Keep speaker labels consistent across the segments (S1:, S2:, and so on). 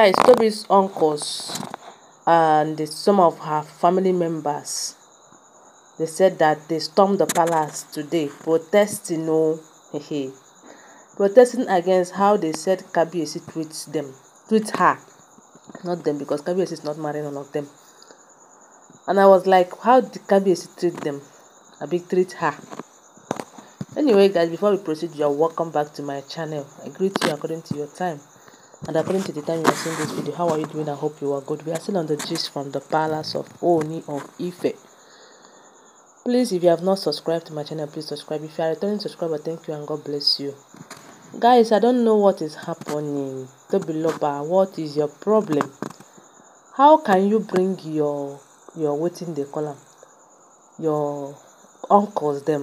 S1: Besides, Toby's uncles and some of her family members, they said that they stormed the palace today protesting, oh, protesting against how they said Kabiyesi treats them, treats her, not them because Kabiyesi is not marrying none of them. And I was like, how did Kabiyesi treat them? A big treat her. Anyway, guys, before we proceed, you are welcome back to my channel. I greet you according to your time and according to the time you are seeing this video how are you doing i hope you are good we are still on the gist from the palace of oni of ife please if you have not subscribed to my channel please subscribe if you are a returning subscriber thank you and god bless you guys i don't know what is happening tobiloba what is your problem how can you bring your your waiting the column, your uncles them?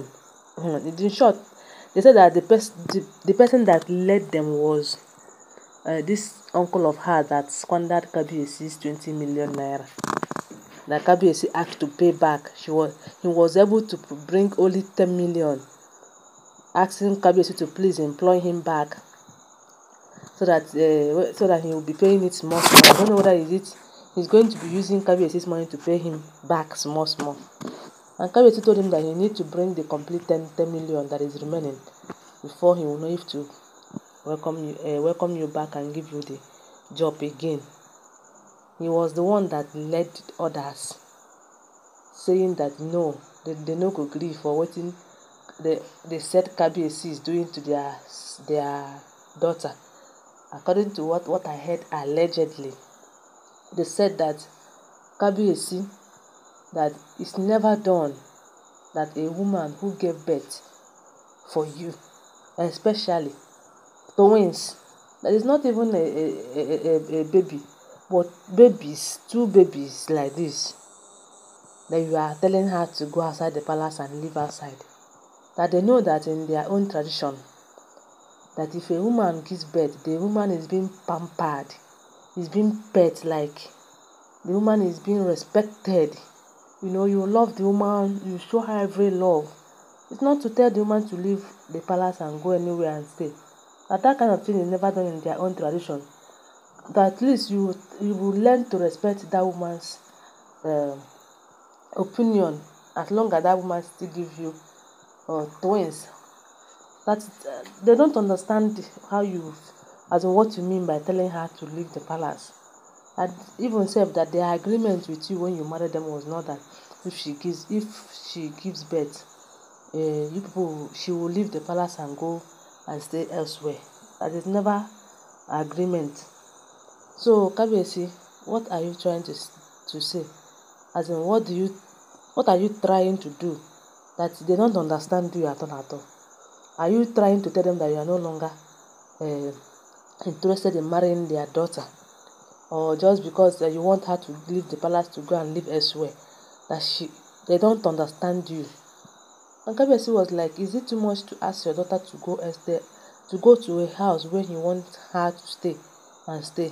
S1: Hmm, in short they said that the person the, the person that led them was uh, this uncle of hers that squandered Kabiesi's 20 million naira. That Kabiesi asked to pay back. She was he was able to bring only 10 million, asking Kabiesi to please employ him back so that uh, so that he will be paying it small I don't know whether is it he's going to be using Kabiesi's money to pay him back small small. And Kabiesi told him that he need to bring the complete 10, 10 million that is remaining before he will know if to welcome you, uh, welcome you back and give you the job again. He was the one that led others, saying that no, they, they no go agree for waiting. They, they said KBC is doing to their their daughter. According to what, what I heard allegedly, they said that KBC that it's never done that a woman who gave birth for you, especially twins that is not even a, a, a, a, baby but babies two babies like this that you are telling her to go outside the palace and live outside that they know that in their own tradition that if a woman gives birth the woman is being pampered is being pet like the woman is being respected you know you love the woman you show her every love it's not to tell the woman to leave the palace and go anywhere and stay that kind of thing is never done in their own tradition but at least you you will learn to respect that woman's um, opinion as long as that woman still gives you uh, twins that uh, they don't understand how you as in what you mean by telling her to leave the palace and even said that their agreement with you when you married them was not that if she gives if she gives birth uh, you people she will leave the palace and go and stay elsewhere. That is never agreement. So Kabiyesi, what are you trying to to say? As in, what do you, what are you trying to do that they don't understand you at all at all? Are you trying to tell them that you are no longer uh, interested in marrying their daughter, or just because uh, you want her to leave the palace to go and live elsewhere? That she, they don't understand you. Okabayashi was like, is it too much to ask your daughter to go stay, to go to a house where you want her to stay and stay?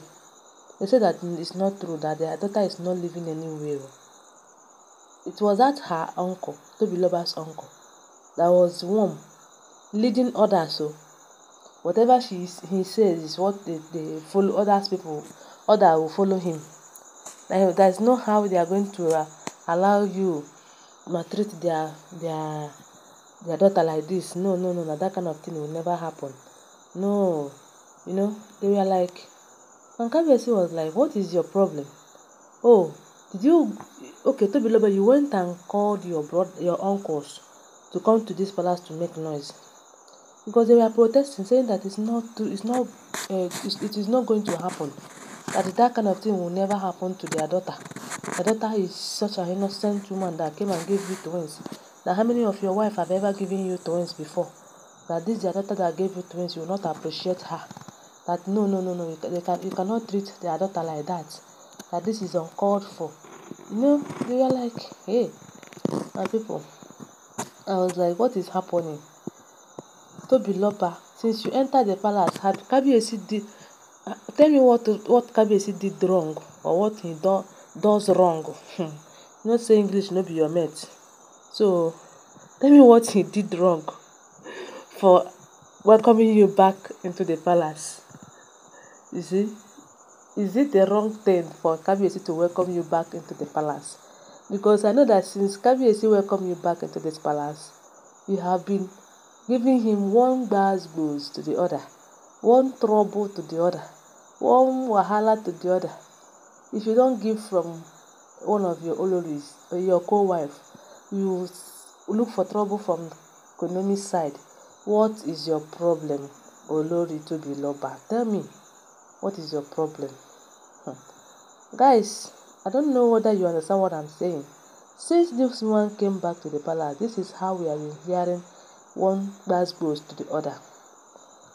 S1: They said that it's not true, that their daughter is not living anywhere. It was that her uncle, Toby Lobas' uncle, that was one leading others. So whatever she he says is what they, they follow others people, others will follow him. Like, there's no how they are going to uh, allow you maltreat their their their daughter like this no no no no, that kind of thing will never happen no you know they were like and kabiyesi was like what is your problem oh did you okay tobiloba you went and called your brother your uncles to come to this palace to make noise because they were protesting saying that it's not it's not uh, it's, it is not going to happen that that kind of thing will never happen to their daughter their daughter is such an innocent woman that came and gave birth twins that how many of your wife have ever given you twins before? That this their daughter that gave you twins, you will not appreciate her. That no, no, no, no, you, they can, you cannot treat their daughter like that. That this is uncalled for. You know, they were like, hey, my people. I was like, what is happening? Tobiloba, since you enter the palace, had Kabiyesi did uh, tell me what what Kabiyesi did wrong or what he do, does wrong. Hmm. You say English no be your mate. So tell me what he did wrong for welcoming you back into the palace. You see, is it the wrong thing for Kabiyesi to welcome you back into the palace? Because I know that since Kabiyesi welcomed you back into this palace, you have been giving him one bad blows to the other, one trouble to the other, one wahala to the other. If you don't give from one of your Oloris or your co-wife, you look for trouble from Konami side. What is your problem, Olori Tobiloba? Tell me, what is your problem? Hmm. Guys, I don't know whether you understand what I'm saying. Since this one came back to the palace, this is how we have been hearing one glass goes to the other.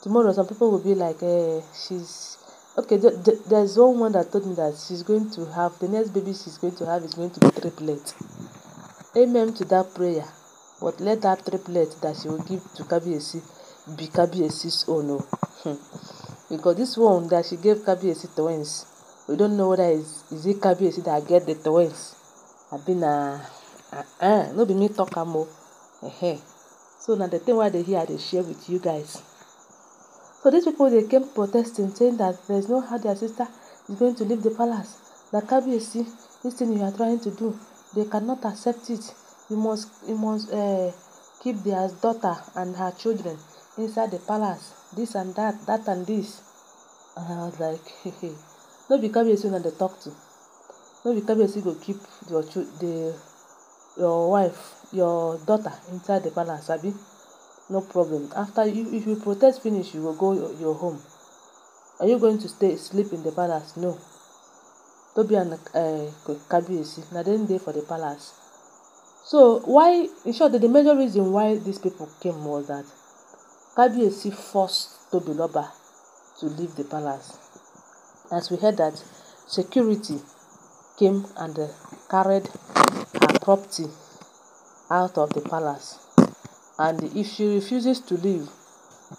S1: Tomorrow, some people will be like, eh, she's okay. Th th there's one one that told me that she's going to have the next baby she's going to have is going to be triplet. Amen to that prayer. But let that triplet that she will give to Kabiesi be Kabiesi's own. no? Oh. Hmm. because this one that she gave Kabiesi twins, we don't know whether is is it Kabiesi that get the twins. I've been a uh, uh, ah, no be me talk more. Oh. Uh-huh. So now the thing why they here I they share with you guys. So these people they came protesting, saying that there's no how their sister is going to leave the palace. That Kabiesi, this thing you are trying to do, They cannot accept it. You must, you must uh, keep their daughter and her children inside the palace. This and that, that and this. And I was like, hey, hey. no be Kabiyesi una they talk to. No be Kabiyesi go keep your cho the your wife, your daughter inside the palace abi? No problem. After you if you protest finish you will go your, your home. Are you going to stay sleep in the palace? No. Tobi and uh, eh, Kabiyesi, na dem dey for the palace. So why, in short, the, major reason why these people came was that A C forced Loba to leave the palace. As we heard that security came and uh, carried her property out of the palace. And if she refuses to leave,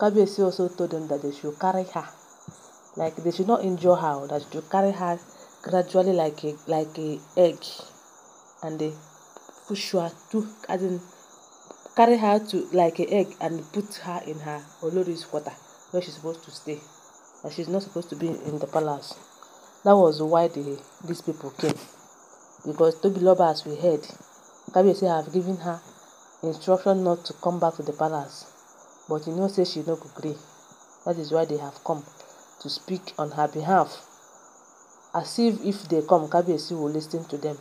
S1: A C also told them that they should carry her. Like they should not injure her, that they should carry her gradually like a like a egg and they push her to as in carry her to like a egg and put her in her Olori's water where she's supposed to stay. And she's not supposed to be in the palace. That was why the these people came. Because Tobiloba, as we heard, Kabiyesi have given her instruction not to come back to the palace. But you know, say she no not agree. That is why they have come to speak on her behalf as if if they come kabiyesi will lis ten to them.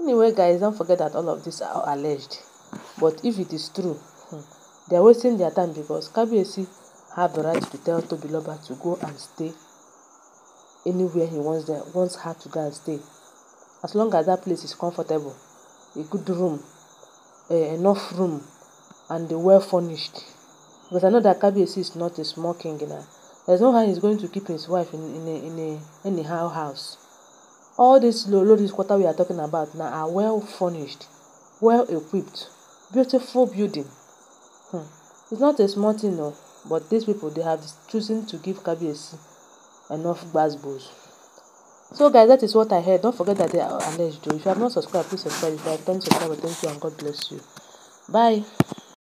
S1: anyway guys don't forget that all of this are alleged but if it is true um they are wasting their time because kabiyesi have the right to tell tobiloba to go and stay anywhere he wants them wants her to go and stay as long as that place is comfortable a good room uh, enough room and well furnished because i know that kabiyesi is not a small king you na There's no how he's going to keep his wife in, in, a, in a anyhow house. All this low, low, this quarter we are talking about now are well furnished, well equipped, beautiful building. Hmm. It's not a small thing, no, but these people they have chosen to give KBS enough buzzballs. So, guys, that is what I heard. Don't forget that they are alleged. If you have not subscribed, please subscribe. If you have done subscribe, thank you and God bless you. Bye.